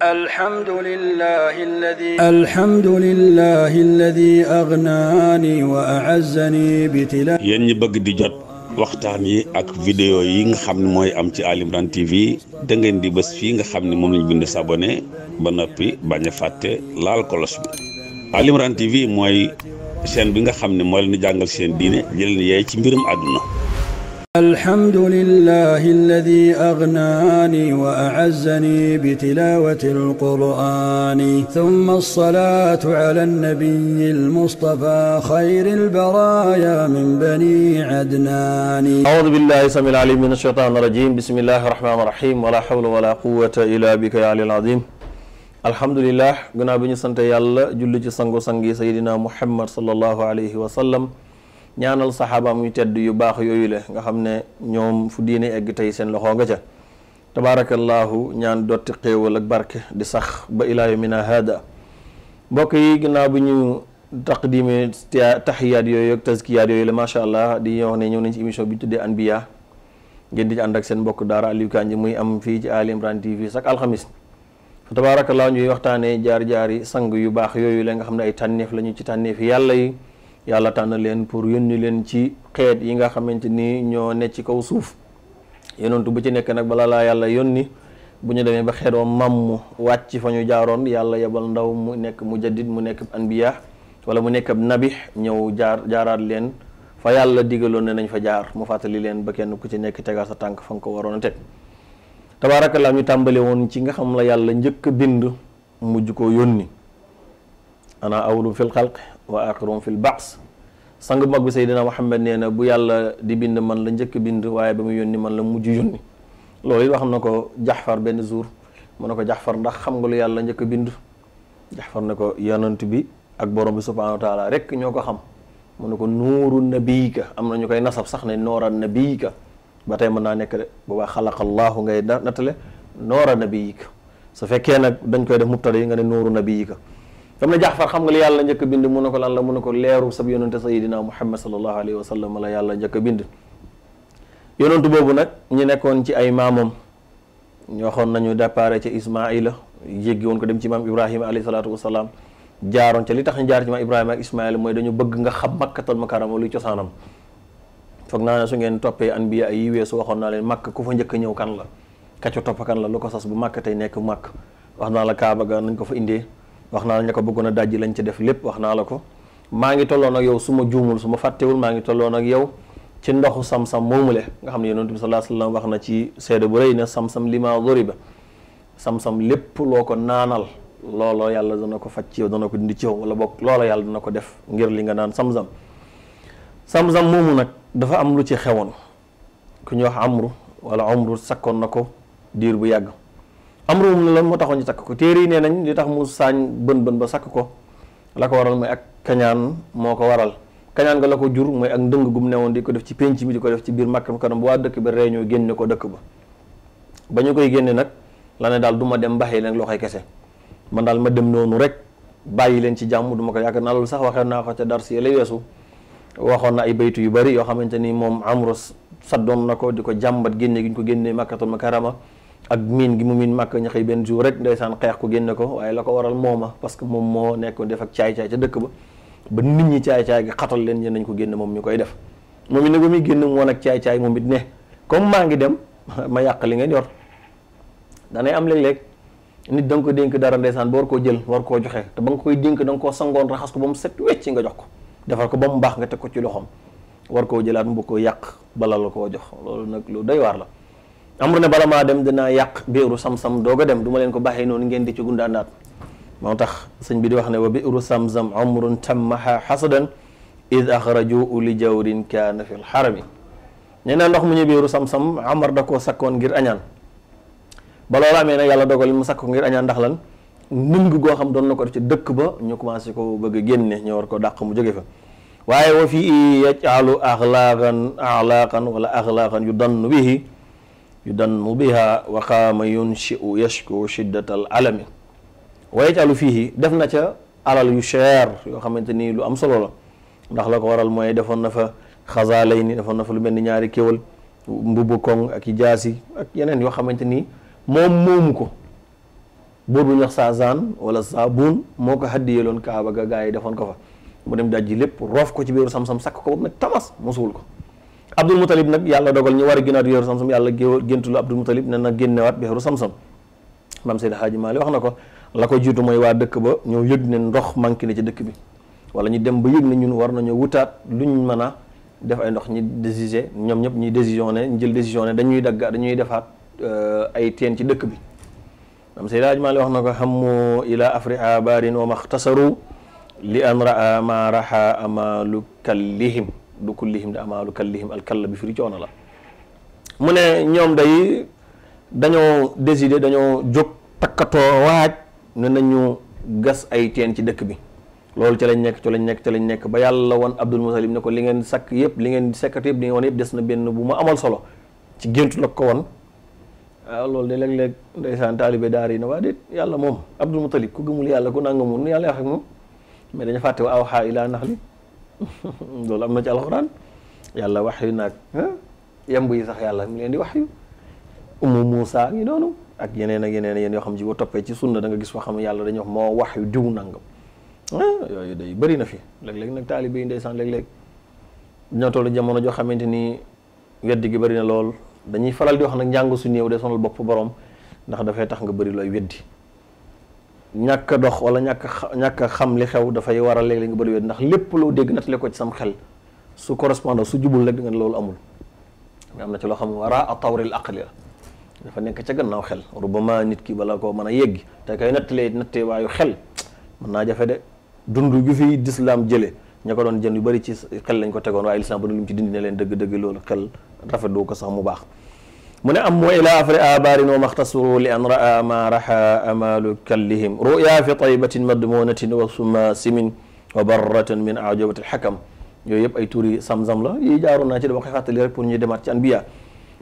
الحمد لله الذي الحمد لله الذي أغناني وأعزني بتلاوة yéen ñi bëgg di jot waxtaan yi ak vidéo yi nga xam ne mooy am ci Ali Imran TV da ngeen di bés fii nga xam ne moom lañ bind s'abonner ba noppi bañ a fàtte laal kolos bi Ali Imran TV mooy chaîne bi nga xam ne moo leen di jàngal seen diine jëleen yeey ci mbirum àdduna الحمد لله الذي أغناني وأعزني بتلاوة القرآن ثم الصلاة على النبي المصطفى خير البرايا من بني عدنان أعوذ بالله سميع العليم من الشيطان الرجيم بسم الله الرحمن الرحيم ولا حول ولا قوة إلا بك يا علي العظيم الحمد لله غنا بني سنت يالا جولي سانغو سانغي سيدنا محمد صلى الله عليه وسلم ñaanal saxaabaam yu tedd yu baax yooyu la nga xam ne ñoom fu diine egg tey seen loxoo nga ca tabaarakallaahu ñaan dotti xéewal ak barke di sax ba ilaa yawmina haada mbokk yi ginnaaw bi ñu taqdime taxiyaat yooyu ak tazkiyaat yooyu la macha allah di wax ne ñëw nañ ci émission bi ñu tuddee anbiya ngeen di ànd ak seen mbokk daara Aliou Kandji muy am fii ci Ali Imran TV chaque alxamis fa tabaarakallaahu ñuy waxtaanee jaari jaari sang yu baax yooyu le nga xam ne ay tànneef la ñu ci tànneef yàlla yàlla tànn leen pour yónni leen ci xeet yi nga xamante ni ñoo ne ci kaw suuf yenoon yonentu bu ci nekk nag bala laa yàlla yónni bu ñu demee ba xeet wa mu wàcc fa ñu jaaroon yàlla yebal ndaw mu nekk mujaddid mu nekk anbiya wala mu nekk nabi ñëw jaar jaaraat leen fa yàlla digaloon ne nañ fa jaar mu fàttali leen ba kenn ku ci nekk tegaat sa tànk fa nga ko waroon a teg tabaarakallaa ñu tàmbale woon ci nga xam la yàlla njëkk a bind mujj koo yón ana wa aaxirum fil baas sang bu mag bi Seydina Muhammad nee na bu yàlla di bind man la njëkk bind waaye ba mu yónni man la mujj yónni loolu it wax na ko jaxfar benn jour mu ne ko jaxfar ndax xam nga lu yàlla njëkk bind jaxfar na ko yonent bi ak borom bi subhanahu wa taala rek ñoo ko xam mu ne ko nuuru nabiyika am na ñu koy nasab sax ne noora nabiyika ba tey mën naa nekk de boobaa xalaqallaahu ngay nattale noora nabiyika su fekkee nag dañ koy def mubtada yi nga ne nuuru nabiyika ba ne ne Jaxfar xam nga li yàlla njëkk bind mu ne ko lan la mu ne ko leeru sab yonante sayidina Muhammad sallallahu alayhi wa sallam la yàlla njëkk a bind yonantu boobu nag ñu nekkoon ci ay maamam waxoon nañu départ ca Ismaila jéggi woon ko dem ci maam Ibrahima alayhi salaatu wasalaam jaaroon ca li tax ñu jaar ci maam Ibrahima ak Ismaila mooy dañu bëgg nga xam makkatal makarama luy cosaanam foog naa ne su ngeen toppee anbiya yi weesu waxoon naa leen màkk ku fa njëkk ñëw kan la kacco topp kan la ko sas bu màkk nekk màkk wax naa la Kaaba nañ ko fa indee wax naa la ña ko bëggoon a dajji lañ ca def lépp wax naa la ko maa ngi tolloon ak yow su ma juumul su ma fàttewul maa ngi tolloon ak yow ci ndoxu sam-sam moomule nga xam ne yonent bi sallallahu alayhi wasallam wax na ci seede bu rëy ne sam-sam lima duriba sam-sam lépp loo ko naanal looloo yàlla dana ko faj ci yow dana ko dindi ci yow wala boog looloo yàlla dana def ngir li naan sam-sam sam moomu nag dafa am lu ci xewoon ku ñu wax amru wala amru sakkoon na ko diir bu yàgg amruhum la lan moo taxoon ñu takk ko téere yi nee nañ li tax mu saañ bën bën ba sakk ko la ko waral mooy ak kañaan moo ko waral kañaan nga la ko jur mooy ak ndëng gum ne woon di ko def ci penc mi di ko def ci biir màkkam kanam bu waa dëkk ba réunion génne ko dëkk ba ba koy génne nag la daal du ma dem mbaxee leen loxoy kese man daal ma dem noonu rek bàyyi leen ci jàmm du ma ko sax waxee naa ko ca dar si lay weesu waxoon na ay baytu yu bari yoo xamante ni moom amro saddoon na ko di ko jàmbat génne gi ñu ko génnee makkatul mukarrama ak miin gi mu miin màkk ñu xëy benn jour rek ndeysaan xeex ko génne ko waaye la ko waral mooma parce que moom moo nekkoon def ak caay-caay ca dëkk ba ba nit ñi caay-caay gi xatal leen ñen nañ ko génn moom ñu koy def moom it ne ba muy génn woon ak caay-caay moom it ne comme maa ngi dem ma yàq li nga yor danay am léeg-léeg nit da nga ko dénk dara ndeysaan ba war koo jël war koo joxe te ba nga koy dénk da nga koo sangoon raxas ko ba mu set wecc nga jox ko defar ko ba mu baax nga teg ko ci loxoom war koo jëlaat mu ko yàq bala la koo jox loolu nag lu doy waar la amru ne bala maa dem dinaa yàq biiru sam doo ko dem du ma leen ko baaxee noonu ngeen di ci gundaanaat moo tax sëñ bi di wax ne wa biiru sam-sam amrun tammaha xasadan id axrajuu li jawrin kaana fi lxarami nee na ndox mu ñu biiru sam-sam amar da ko sakkoon ngir añaan ba loolu amee nag yàlla dogal mu sakk sakko ngir añaan ndax lan nëng goo xam doon na ko def ci dëkk ba ñu commencé ko bëgg a génne ñu war ko dàq mu jóge fa waaye wa fii yajcalu axlaaqan axlaaqan wala yudannu biha wa qaama yunshiu yashku shiddat al alami wa yaj'alu fiihi def na ca alal yu cher yoo xamante ni lu am solo la ndax la ko waral mooy defoon na fa xasaalay ni defoon na fa lu mel ni ñaari kéwal mbubu koŋ ak i jaasi ak yeneen yoo xamante ni moom moomu ko buur bu ñuy wax saazaan wala saabuun moo ko haddiyeeloon kaaba ga gaa yi defoon ko fa mu dem daj ji lépp roof ko ci biiru sam-sam sakk ko ba mu ne tamas mosuwul ko Abdul Muttalib nag yàlla dogal ñu war a génnaat weeru samsam yàlla géntulu Abdul Muttalib ne na génnewaat weeru samsam maam Seydi Haaji Maali wax na ko la ko jiitu mooy waa dëkk ba ñoo yëg ne ndox manqué na ci dëkk bi wala ñu dem ba yëg ne ñun war nañoo wutaat luñ mën a def ndox ñi décider ñoom ñëpp ñuy décision jël décision dañuy dagg defaat euh, ay teen ci dëkk bi maam Seydi Haaji Maali wax na ko xammu ila afriha baarin wa maxtasaru li an raa ma raha kallihim du kullihim da amaalu kallihim la bi firi coono la mu ne ñoom day dañoo décider dañoo jóg takkatoo waaj ne nañu gas ay teen ci dëkk bi loolu ca lañ nekk ca lañ nekk ca lañ nekk ba yàlla woon Abdul Mutalib ne ko li ngeen sakk yëpp li ngeen sekkat yëpp li ngeen woon yëpp des na benn bu ma amal solo ci géntu la ko woon waaw ah, loolu de léeg-léeg ndeysaan taalibe daar yi ne waa déet yàlla moom Abdul Mutalib ku gëmul yàlla ku nangamu nu yàlla wax ak moom mais dañu fàtte wa awxaa ilaa loolu am na ci alxuraan yàlla wax yu nag yemb yi sax yàlla mu leen di wax yu umu Moussa ngi noonu ak yeneen ak yeneen yéen yoo xam ci boo toppee ci sunna da nga gis foo xam yàlla dañuy wax moo wax yu diw nangam yooyu day bëri na fi léeg-léeg nag taalibe yi ndeysaan léeg-léeg ñoo toll jamono joo xamante ni weddi gi bari na lool dañuy faral di wax nag njàng su néew de sonal bopp borom ndax dafay tax nga bëri looy weddi ñàkk dox wala ñàkk ñàkk xam li xew dafay waral léeg-léeg nga bëri wéet ndax lépp loo dégg nattale ko ci sam xel su correspondant su jubul rek di nga loolu amul mais am na ci loo xam war wara a tawril aqli la dafa nekk ca gannaaw xel rubama nit ki bala koo mën a yegg te kay nattalee nattee waayu xel mën naa jafe de dund gi fi lislaam jële ña ko doon jën yu bëri ci xel lañ ko tegoon waaye lislaam ba lu mu ci dindi ne leen dëgg-dëgg loolu xel rafet doo ko sax mu baax mu ne am wa ila afri abaarin wa maxtasu li an raa ma raxa amalu kallihim ruya fi taybatin madmunatin wa sumasimin wa barratan min ajabati alxakam yooyu yëpp ay tuuri sam-sam la yi jaaroon naa ci dama koy fàttali rek pour ñu demaat ci anbiya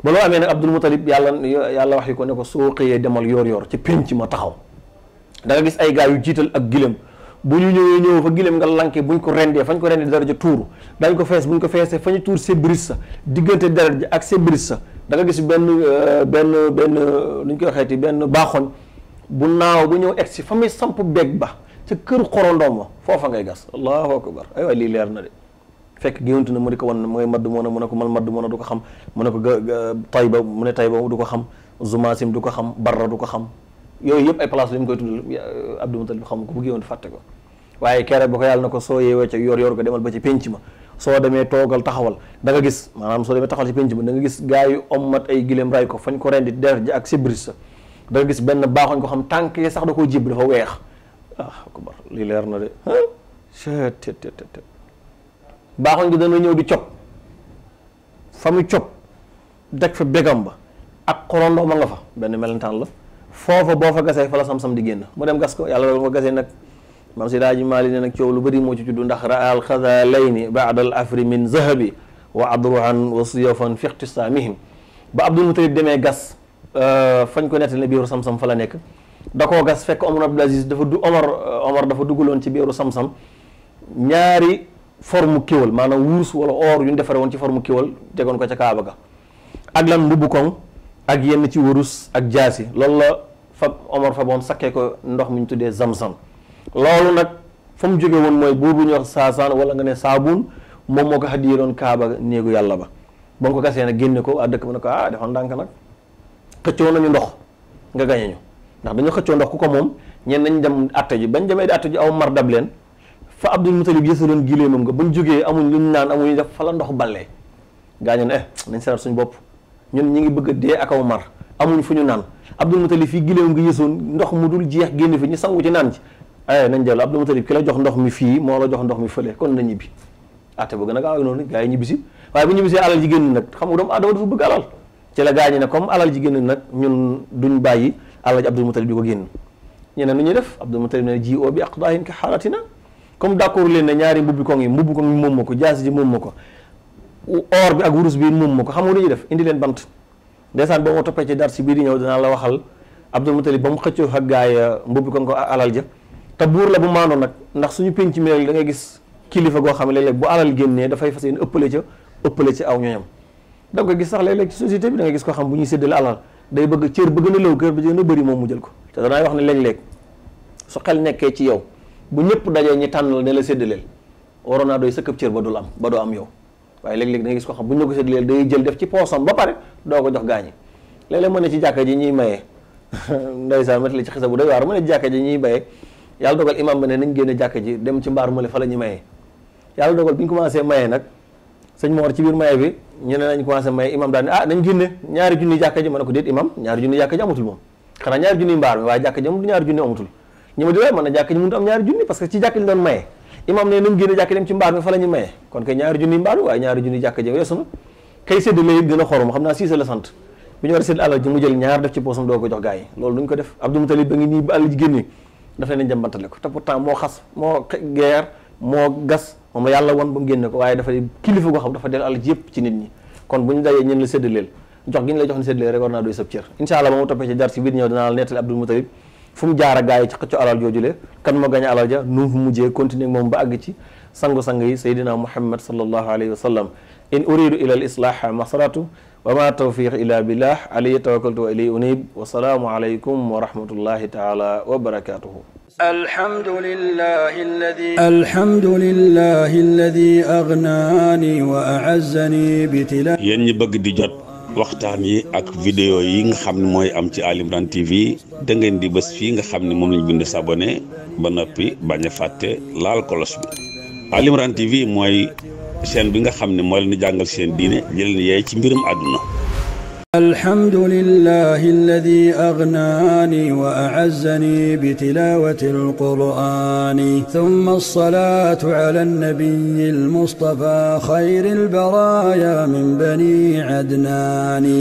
ba loo amee nag abdul mutalib yàlla yàlla wax yi ko ne ko soo xëyee demal yoor yoor ci pénc ma taxaw da nga gis ay gaa yu jiital ak gilem bu ñu ñëwee ñëw fa gileem nga lanke buñ ko rendee fañ ko rendee dara ja tuuru dañ ko fees ñu ko feesee fa ñu tuur sébris sa diggante dara ja ak sébris sa danga nga gis benn euh, benn benn lu ñu koy waxeeti benn baaxoñ bu naaw bu ñëw egg si fa muy samp beeg ba ca kër xorondoom ma foofa ngay gas allahu akbar ay waay lii leer na de fekk géwantu na mu di ko wan mooy madd moona mu ne ko man madd moona du ko xam mu ne ko ga tayba mu ne tayba du ko xam zumaasim du ko xam barra du ko xam yooyu yëpp ay place yu mu koy tudd Abdou Moutalib xam ko bu géwoon fàtte ko waaye kere ba ko yàlla na ko soo yeewee ca yor yor ko demal ba ci penc ma soo demee toogal taxawal danga gis maanaam soo demee taxawal ci penc ma da nga gis gaa yu ommat ay gileem ray ko fañ ko rendi der ji ak sibris sa da gis benn baaxoñ ko xam tànk yi sax da koo jib dafa weex ah akbar lii leer na de tt baaxoñ gi dana ñëw di cob fa mu cob daj fa bégam ba ak xorondoom a benn melentaan la foofa boo fa gasee fa la sam-sam di génn mu dem gas ko yàlla loolu fa gasee nag mam si daa ji maali ne nag coow lu bëri moo ci tudd ndax raal xada ba abdul mutalib demee gas euh, fañ ko nettali ne biiru sam-sam fa la nekk da koo gas fekk omar abdul aziz dafa du omar euh, omar dafa dugaloon ci biiru sam-sam ñaari forme kéwal maanaam wurus wala or yu ñu defare woon ci formu kéwal tegoon ko ca kaaba ga ak lan mbubb koŋ ak yenn ci wurus ak jaasi fab Omar faboon sakkee ko ndox mu ñu tuddee zamzam loolu nag fa mu jógee woon mooy buur bu ñuy wax saasaan wala nga ne saabuun moom moo ko xadiyee doon kaaba néegu yàlla ba ba nga ko gasee nag génne ko waa dëkk ba ne ko ah defoon ndànk nag xëccoo nañu ndox nga gañe ñu ndax dañoo xëccoo ndox ko moom ñeen nañ dem atte ji bañ demee di ji aw mar dab leen fa Abdul Mutalib yësaloon gilee moom ba bañ jógee amuñ luñ naan amuñu def fa la ndox ballee gaañoon eh nañ seetal suñu bopp ñun ñu ngi bëgg a dee ak aw mar amuñ fu ñu naan Abdul Mutalib fii giléewam ngi yësoon ndox mu dul jeex génn fi ñu sangu ci naan ci ay eh, nañ dellu Abdul Mutalib ki la jox ndox mi fii moo la jox ndox mi fële kon na ñibbi atte boo gën a gaaw waaye bu ñibbisee alal ji génn nag xam nga doomu aadama dafa bëgg alal ci la gaa ñi alal ji génn nag ñun duñ bàyyi alal ji Abdul Mutalib di ko génn ñeneen nu ñuy def Abdul Mutalib ne ji oo bi aqdaahin ka xaaratina comme d'accord leen ne ñaari mbubbi koŋ yi mbubbi koŋ yi moom ko jaas ji moom ma ko or bi ak wurus bi moom ma ko xam nga lu ñuy def indi leen bant ndeysaan boo ma toppee ci dar si bii di ñëw dinaa la waxal Abdul Mutalib ba mu xëccoo ak gaay mbubbi kon ko alal ja te buur la bu maandoon nag ndax suñu penc mi léeg da ngay gis kilifa goo xam ne léeg-léeg bu génnee dafay fas yéene ëppale ca ëppale ci aw ñoñam da gis sax léeg-léeg ci da nga gis koo xam bu ñuy séddale alal day bëgg cër ba gën a lëw kër moom mu jël ko te wax ne léeg-léeg su xel nekkee ci yow bu ñëpp dajee ñi tànn ne la séddaleel waroon naa doy sa këp am ba doo am yow waaye léeg-léeg da nga gis koo xam bu ñu la ko day jël def ci poosam ba pare doo jox gaañi léeg-léeg ne ci jàkka ji ñuy maye ndeysaan métti la ci xisa bu doy waar mën ne ci jàkka ji imam ba ne nañ génne jàkka ji dem ci mbaar male fa la ñu ah, ma ne ko déet imam ñaari junni jàkka ji amatul moom xanaa ñaari junni mbaar mi waaye jàkka ji amul ñaari junni amatul ñu ma di waay mën na jàkka ji am doon maye imam ne nañ génne jàkka dem ci mbaar mi fa maye kon kay ñaari junni mbaar waaye ñaari junni jàkka ji weesu kay séddale dina xorom xam naa Cissé la sant bi ñu war a sédd alal ji mu jël ñaar def ci poosam doo ko jox gars yi loolu duñ ko def Abdou Moutalib ba ngi nii ba alal ji génnee daf leen dem ko te pourtant moo xas moo geer moo gas moom la yàlla won ba mu génne ko waaye dafa kilifa goo xam dafa del alal ji yëpp ci nit ñi kon bu ñu dajee ñeen la séddaleel jox gi ñu la jox ni séddaleel rek war naa doy sab cër incha allah moom toppee ci jar si biir ñëw dinaa la nettali Abdou Moutalib fu mu jaar a gars yi ci xëcco alal joojule kan moo gañ alal ja nu mu fu mujjee continuer moom ba àgg ci sangu-sang yi Seydina Muhammad sallallahu in uridu ila al islaha masratu wa ma tawfiq ila billah alayhi tawakkaltu wa ilayhi unib wa salaamu alaykum wa rahmatullahi taala wa barakatuhu الحمد لله الذي الحمد لله الذي أغناني وأعزني بتلا yéen ñi bëgg di jot waxtaan yi ak vidéo yi nga xam ne mooy am ci Ali Imran TV da ngeen di bés fii nga xam ne moom lañ bind s'abonné ba noppi bañ a fàtte laal kolos bi Ali Imran TV mooy chaîne bi nga xam ne moo leen di jàngal seen diine jëleen yee ci mbirum àdduna alhamdulillahi alladi agnaani wa a'azzani bi tilaawati alqur'aani thumma as-salaatu ala an-nabiyyi al-mustafa xayri al-baraaya min bani adnaani